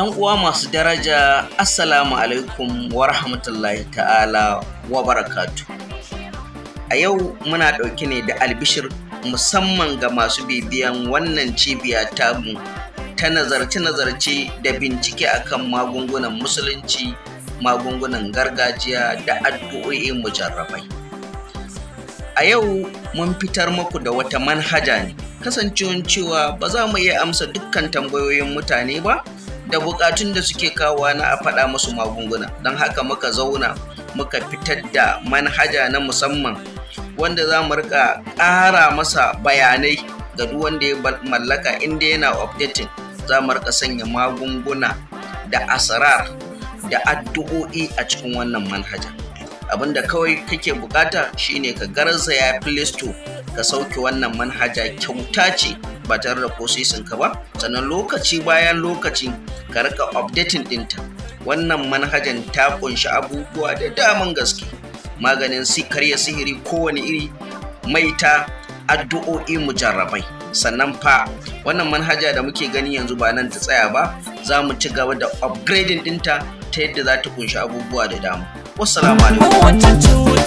'yan uwa masu daraja assalamu alaikum wa rahmatullahi ta'ala wa barakatu a yau muna ɗauki ne da albishir musamman ga masu bibiyan wannan cibiya tamu ta nazarce-nazarce da bincike akan magungunan musulunci magungunan gargajiya da addu'o'i mujarrabai a yau mun fitar muku da wata manhaja ne kasancewan cewa ba za mu iya amsa dukkan tambayoyin mutane ba da bukatun da suke kawo na a faɗa musu magunguna don haka muka zauna muka fitar da manhaja na musamman wanda za mu rika ƙara masa bayanai ga duk wanda ya mallaka inda yana updating za mu rika sanya magunguna da asrar da addu'o'i a cikin wannan manhaja Abin da kawai kake bukata shine ka garzaya play store ka sauke wannan manhaja kyauta ce ba tare da ko ka ba sannan lokaci bayan lokaci ka rika updating ɗinta wannan manhajan ta kunshi abubuwa da daman gaske maganin si karya sihiri kowane iri maita addu'o'i mujarrabai sannan fa wannan manhaja da muke gani yanzu ba nan ta tsaya ba za mu ci gaba da upgrading dinta ta yadda za ta kunshi abubuwa da dama wassalamu alaikum